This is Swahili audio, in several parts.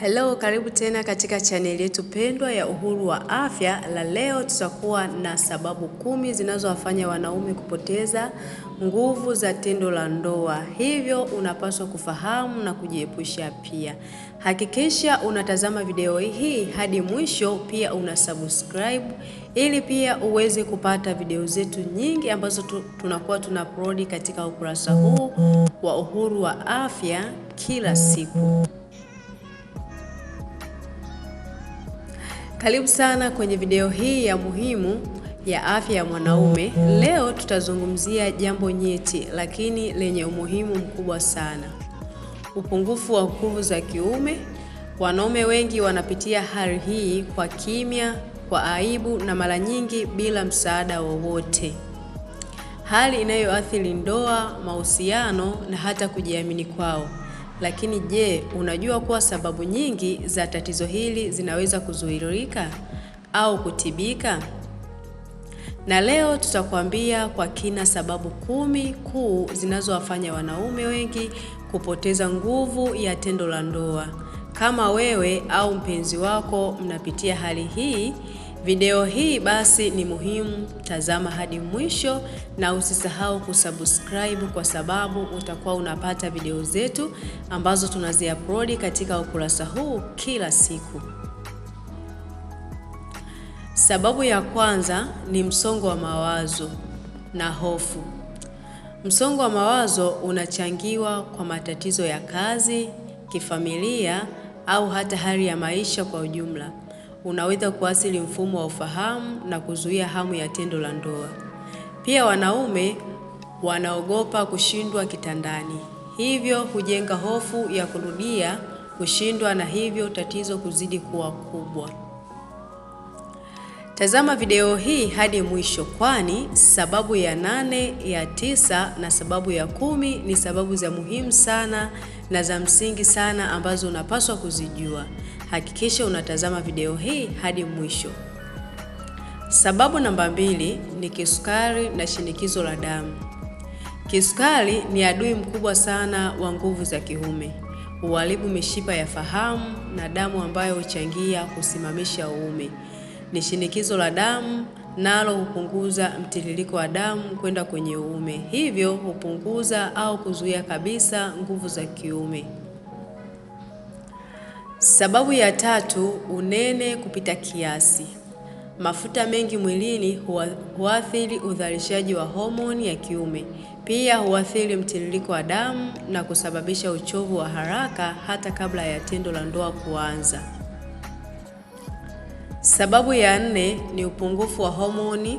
Hello, karibu tena katika chaneli yetu pendwa ya Uhuru wa Afya. La leo tutakuwa na sababu kumi zinazowafanya wanaume kupoteza nguvu za tendo la ndoa, hivyo unapaswa kufahamu na kujiepusha. Pia hakikisha unatazama video hii hadi mwisho, pia una subscribe ili pia uweze kupata video zetu nyingi ambazo tu, tunakuwa tuna prodi katika ukurasa huu wa Uhuru wa Afya kila siku. Karibu sana kwenye video hii ya muhimu ya afya ya mwanaume. Leo tutazungumzia jambo nyeti lakini lenye umuhimu mkubwa sana. Upungufu wa nguvu za kiume. Wanaume wengi wanapitia hali hii kwa kimya, kwa aibu na mara nyingi bila msaada wowote. Hali inayoathiri ndoa, mahusiano na hata kujiamini kwao. Lakini je, unajua kuwa sababu nyingi za tatizo hili zinaweza kuzuilika au kutibika? Na leo tutakwambia kwa kina sababu kumi kuu zinazowafanya wanaume wengi kupoteza nguvu ya tendo la ndoa. Kama wewe au mpenzi wako mnapitia hali hii, Video hii basi ni muhimu, tazama hadi mwisho na usisahau kusubscribe kwa sababu utakuwa unapata video zetu ambazo tunaziupload katika ukurasa huu kila siku. Sababu ya kwanza ni msongo wa mawazo na hofu. Msongo wa mawazo unachangiwa kwa matatizo ya kazi, kifamilia au hata hali ya maisha kwa ujumla unaweza kuathiri mfumo wa ufahamu na kuzuia hamu ya tendo la ndoa. Pia wanaume wanaogopa kushindwa kitandani, hivyo hujenga hofu ya kurudia kushindwa na hivyo tatizo kuzidi kuwa kubwa. Tazama video hii hadi mwisho, kwani sababu ya nane, ya tisa na sababu ya kumi ni sababu za muhimu sana na za msingi sana ambazo unapaswa kuzijua hakikisha unatazama video hii hadi mwisho. Sababu namba mbili ni kisukari na shinikizo la damu. Kisukari ni adui mkubwa sana wa nguvu za kiume. Huharibu mishipa ya fahamu na damu ambayo huchangia kusimamisha uume. Ni shinikizo la damu nalo hupunguza mtiririko wa damu kwenda kwenye uume, hivyo hupunguza au kuzuia kabisa nguvu za kiume. Sababu ya tatu, unene kupita kiasi. Mafuta mengi mwilini huathiri uzalishaji wa homoni ya kiume. Pia huathiri mtiririko wa damu na kusababisha uchovu wa haraka hata kabla ya tendo la ndoa kuanza. Sababu ya nne ni upungufu wa homoni.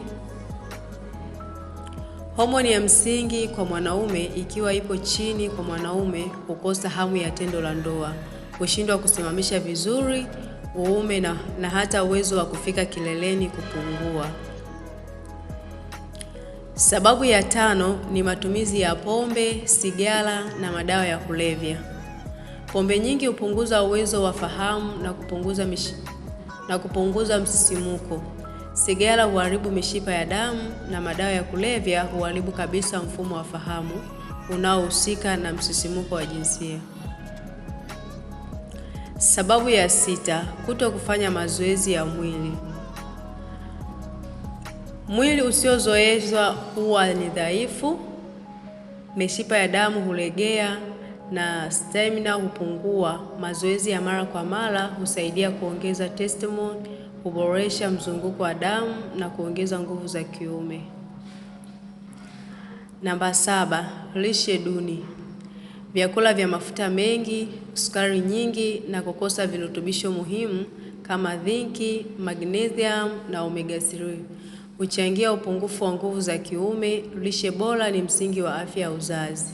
Homoni ya msingi kwa mwanaume ikiwa ipo chini kwa mwanaume, hukosa hamu ya tendo la ndoa kushindwa kusimamisha vizuri uume na, na hata uwezo wa kufika kileleni kupungua. Sababu ya tano ni matumizi ya pombe, sigara na madawa ya kulevya. Pombe nyingi hupunguza uwezo wa fahamu na kupunguza, mish... na kupunguza msisimuko. Sigara huharibu mishipa ya damu na madawa ya kulevya huharibu kabisa mfumo wa fahamu unaohusika na msisimuko wa jinsia. Sababu ya sita, kuto kufanya mazoezi ya mwili. Mwili usiozoezwa huwa ni dhaifu, mishipa ya damu hulegea na stamina hupungua. Mazoezi ya mara kwa mara husaidia kuongeza testosterone, kuboresha mzunguko wa damu na kuongeza nguvu za kiume. Namba saba, lishe duni vyakula vya mafuta mengi, sukari nyingi na kukosa virutubisho muhimu kama zinki, magnesium na omega 3 huchangia upungufu wa nguvu za kiume. Lishe bora ni msingi wa afya ya uzazi.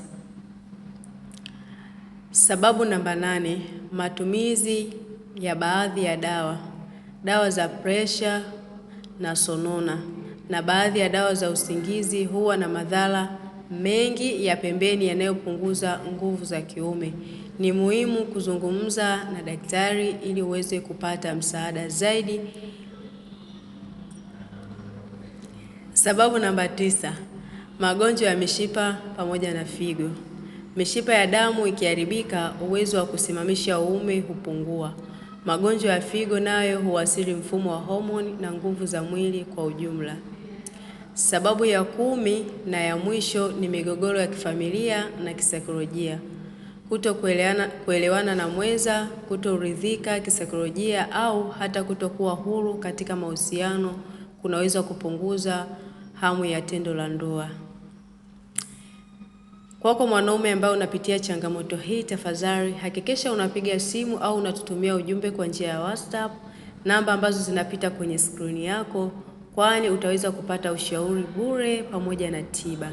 Sababu namba nane: matumizi ya baadhi ya dawa, dawa za presha na sonona na baadhi ya dawa za usingizi huwa na madhara mengi ya pembeni yanayopunguza nguvu za kiume. Ni muhimu kuzungumza na daktari ili uweze kupata msaada zaidi. Sababu namba tisa, magonjwa ya mishipa pamoja na figo. Mishipa ya damu ikiharibika, uwezo wa kusimamisha uume hupungua. Magonjwa ya figo nayo huathiri mfumo wa homoni na nguvu za mwili kwa ujumla. Sababu ya kumi na ya mwisho ni migogoro ya kifamilia na kisaikolojia: kutokuelewana, kuelewana na mwenza, kutoridhika kisaikolojia au hata kutokuwa huru katika mahusiano kunaweza kupunguza hamu ya tendo la ndoa. Kwako mwanaume ambaye unapitia changamoto hii, tafadhali hakikisha unapiga simu au unatutumia ujumbe kwa njia ya WhatsApp, namba ambazo zinapita kwenye skrini yako kwani utaweza kupata ushauri bure pamoja na tiba.